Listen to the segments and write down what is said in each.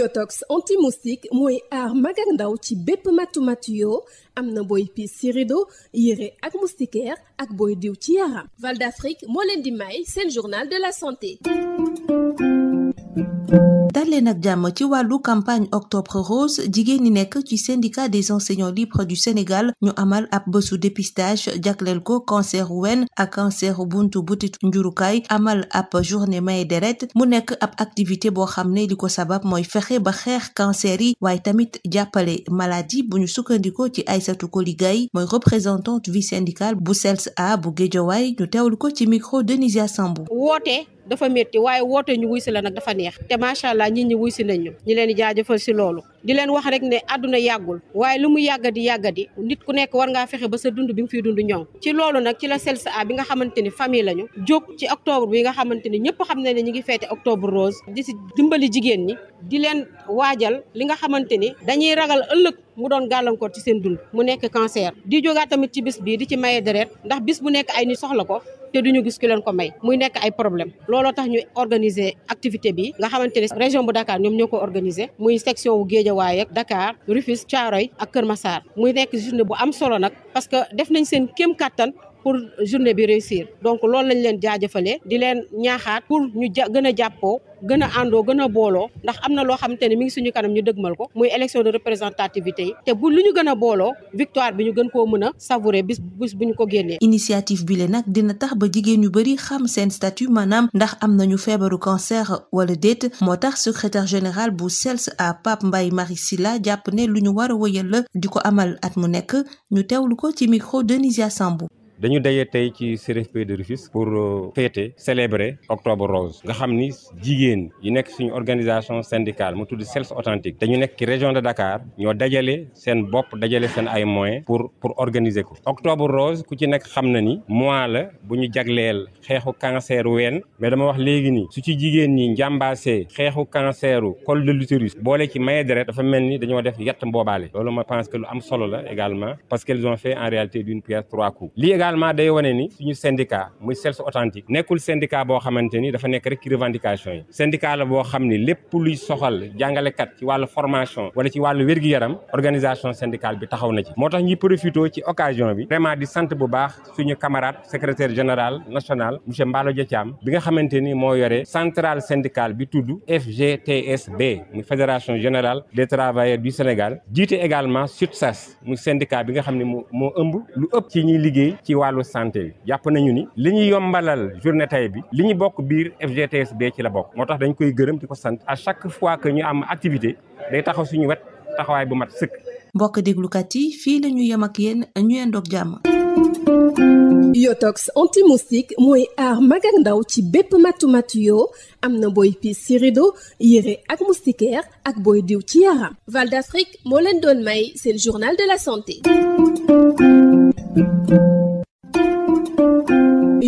biotox anti-moustique mooy aar mag ak ndaw ci bépp matu-matu yoo am na booy piis ci rido yére ak moustiquaire ak booy diw ci yaram Val d'Afrique moo leen di may seen journal de la santé leen ak jàmm ci wàllu campagne octobre rose jigéen ñi nekk ci syndicat des enseignants libres du Sénégal ñu amal ab bésu dépistage jagleel ko cancer wen ak cancer buntu butit njurukaay amal ab journée may deret mu nekk ab activité boo xam ne li ko sabab mooy fexe ba xeex cancer yi waaye tamit jàppale maladie bu ñu sukkandikoo ci Aïssatou Koli Gaye mooy représentante vie syndicale bu SELS A bu Guédiawaye ñu teewlu ko ci micro Denisia Sambou dafa métti waaye woote ñu wuy si la nag dafa neex te macha allah nit ñi wuy si ñi leen di jaajëfal si loolu di leen wax rek ne àdduna yàggul waaye lu mu yàggadi yàggadi nit ku nekk war ngaa fexe ba sa dund bi mu fi dund ñoom ci loolu nag ci la CELSA bi nga xamante ni famille lañu jóg ci octobre bi nga xamante ni ñëpp xam ne ne ñi ngi feete octobre rose di si dimbali jigéen ñi di leen waajal li nga xamante ni dañuy ragal ëllëg mu doon gàllankoor ci seen dund mu nekk cancer di jógaat tamit ci bis bii di ci maye deret ndax bis bu nekk ay nit soxla ko te du ñu gis ki leen ko may muy nekk ay problème looloo tax ñu organiser activité bi nga xamante ne région bu Dakar ñoom ñoo ko organiser muy section wu Guédiawaye ak Dakar Rufisque Thiaroye ak Kër Massar muy nekk journée bu am solo nag parce que def nañ seen kéem kattan pour journée bi réussir donc loolu lañ leen jaajëfalee di leen ñaaxaat pour ñu ja gën a jàppoo gën a àndoo gën a booloo ndax am na loo xamante ne mi ngi suñu kanam ñu dëgmal ko muy élection de représentativité yi te bu lu ñu gën a booloo victoire bi ñu gën koo mën a savourer bis bis bu ñu ko génnee. initiative bi le nag dina tax ba jigéen ñu bëri xam seen statut maanaam ndax am na ñu feebaru cancer wala déet moo tax secretaire général bu CELS à Pape Mbaye Marie Sylla jàpp ne lu ñu war a wëyal la di ko amal at mu nekk ñu teewlu ko ci micro Denisia Sambou. dañu daje tey ci CRFP de Rufisque pour euh, fêter célébrer octobre rose nga xam ni jigéen yi nekk suñu organisation syndicale mu tudd CELS authentique dañu nekk ci région de Dakar ñoo dajale seen bopp dajale seen ay moyens pour pour organiser ko octobre rose ku ci nekk xam na ni mois la bu ñu jagleel xeexu cancer ween mais dama wax léegi ni su ci jigéen ñi njàmbaasee xeexu canceru col de l'utérus boole ci maye deret dafa mel ni dañoo def yett mboobaale loolu ma pense que lu am solo la également parce qu'elles ont fait en réalité d'une pierre trois coups également day wane ni suñu syndicat muy Sels authentique nekkul syndicat boo xamante dafa nekk rek revendication yi syndicat la boo xam ni lépp luy soxal jàngalekat ci wàllu formation wala ci wàllu wér yaram organisation syndicale bi taxaw na ci moo tax ñi profité ci occasion bi vraiment di sant bu baax suñu camarade secrétaire général national monsieur Mballo Dia Thiam bi nga xamante ni moo yore centrale syndicale bi tudd FGTSB muy fédération générale des travailleurs du bi nga xam ne moo moo ëmb lu ëpp ci ñuy liggéey wàllu santé bi jàpp nañu ni li ñu yombalal journée bi li ñu bokk biir FGTSB ci la bokk moo tax dañ koy gërëm di ko sant à chaque fois que ñu am activité day taxaw suñu wet taxawaay bu mat sëkk mbokk déglukat yi fii la ñu yem ak yéen ñu yendoog jàmm yotox anti-moustique mooy aar mag ak ndaw ci bépp matu-matu yoo am na booy piis ci rido yére ak moustiquaire ak booy diw ci yaram Val d'Afrique moo leen doon may seen journal de la santé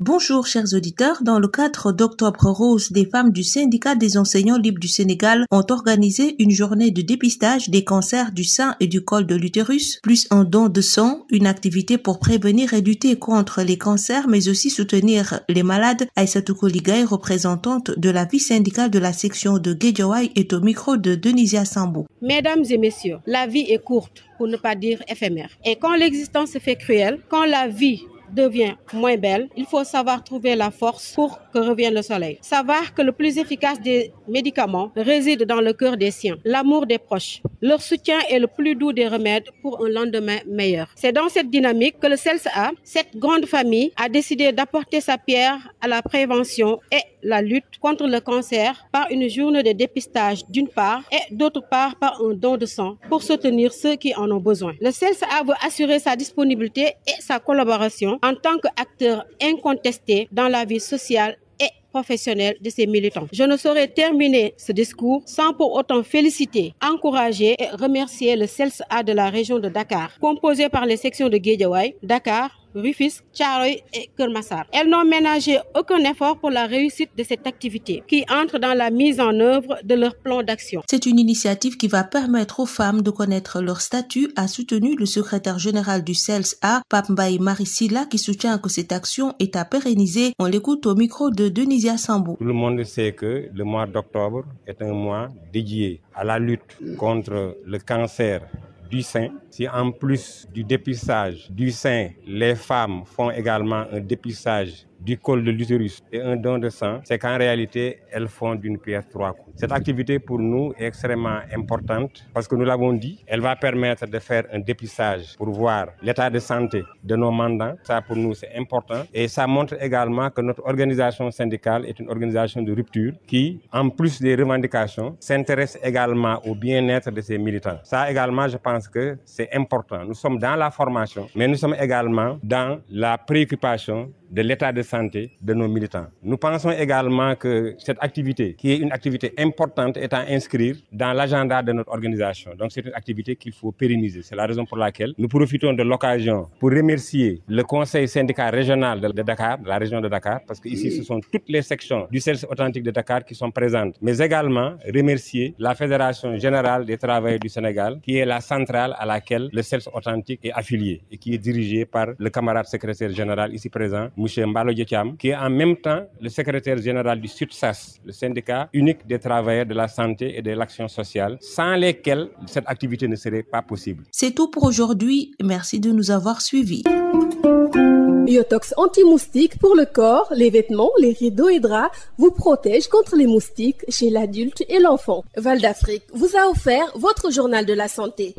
Bonjour chers auditeurs, dans le cadre d'Octobre Rose, des femmes du syndicat des enseignants libres du Sénégal ont organisé une journée de dépistage des cancers du sein et du col de l'utérus, plus un don de sang, une activité pour prévenir et lutter contre les cancers mais aussi soutenir les malades. Aïssatou Koligay, représentante de la vie syndicale de la section de Guédiawaye est au micro de Denisia Sambo. Mesdames et messieurs, la vie est courte devient moins belle, il faut savoir trouver la force pour que revienne le soleil. Savoir que le plus efficace des médicaments réside dans le cœur des siens, l'amour des proches. Leur soutien est le plus doux des remèdes pour un lendemain meilleur. C'est dans cette dynamique que le CELSA, cette grande famille, a décidé d'apporter sa pierre à la prévention et la lutte contre le cancer par une journée de dépistage d'une part et d'autre part par un don de sang pour soutenir ceux qui en ont besoin. Le CELSA veut assurer sa disponibilité et sa collaboration en tant qu'acteur incontesté dans la vie sociale et professionnelle de ses militants. Je ne saurais terminer ce discours sans pour autant féliciter, encourager et remercier le CELSA de la région de Dakar, composé par les sections de Guédiawaye, Dakar, Rufisque, Thiaroye et Keur Massar. Elles n'ont ménagé aucun effort pour la réussite de cette activité qui entre dans la mise en œuvre de leur plan d'action. C'est une initiative qui va permettre aux femmes de connaître leur statut, a soutenu le secrétaire général du CELS-A, Pape Mbaye Marisila, qui soutient que cette action est à On l'écoute au micro de Denisia Sambou. Tout le monde sait que le mois d'octobre est un mois dédié à la lutte contre le cancer du sein. Si en plus du dépistage du sein, les femmes font également un dépistage du col de l'utérus et un don de sang, c'est qu'en réalité, elles font d'une pierre trois coups. Cette activité pour nous est extrêmement importante parce que nous l'avons dit, elle va permettre de faire un dépistage pour voir l'état de santé de nos mandants. Ça pour nous c'est important et ça montre également que notre organisation syndicale est une organisation de rupture qui, en plus de revendications, s'intéresse également au bien-être de ses militants. Ça également, je pense que c'est important. Nous sommes dans la formation, mais nous sommes également dans la préoccupation de l'état de santé de nos militants. Nous pensons également que cette activité, qui est une activité importante, est inscrire dans l'agenda de notre organisation. Donc c'est une activité qu'il faut pérenniser. C'est la raison pour laquelle nous profitons de l'occasion pour remercier le conseil syndical régional de, Dakar, parce qu'ici ce sont toutes les sections du service authentique de Dakar qui sont présentes, mais également remercier la Fédération Sénégal, qui est la centrale à laquelle le service authentique est affilié et qui est dirigé par le camarade secrétaire monsieur Mbalo Dietiam, qui est en même temps le secrétaire général du SUTSAS, le syndicat unique des travailleurs de la santé et de l'action sociale, sans lesquels cette activité ne serait pas possible. C'est tout pour aujourd'hui. Merci de nous avoir suivis. Biotox anti pour le corps, les vêtements, les rideaux et draps vous protège contre les moustiques chez l'adulte et l'enfant. Val d'Afrique vous a offert votre journal de la santé.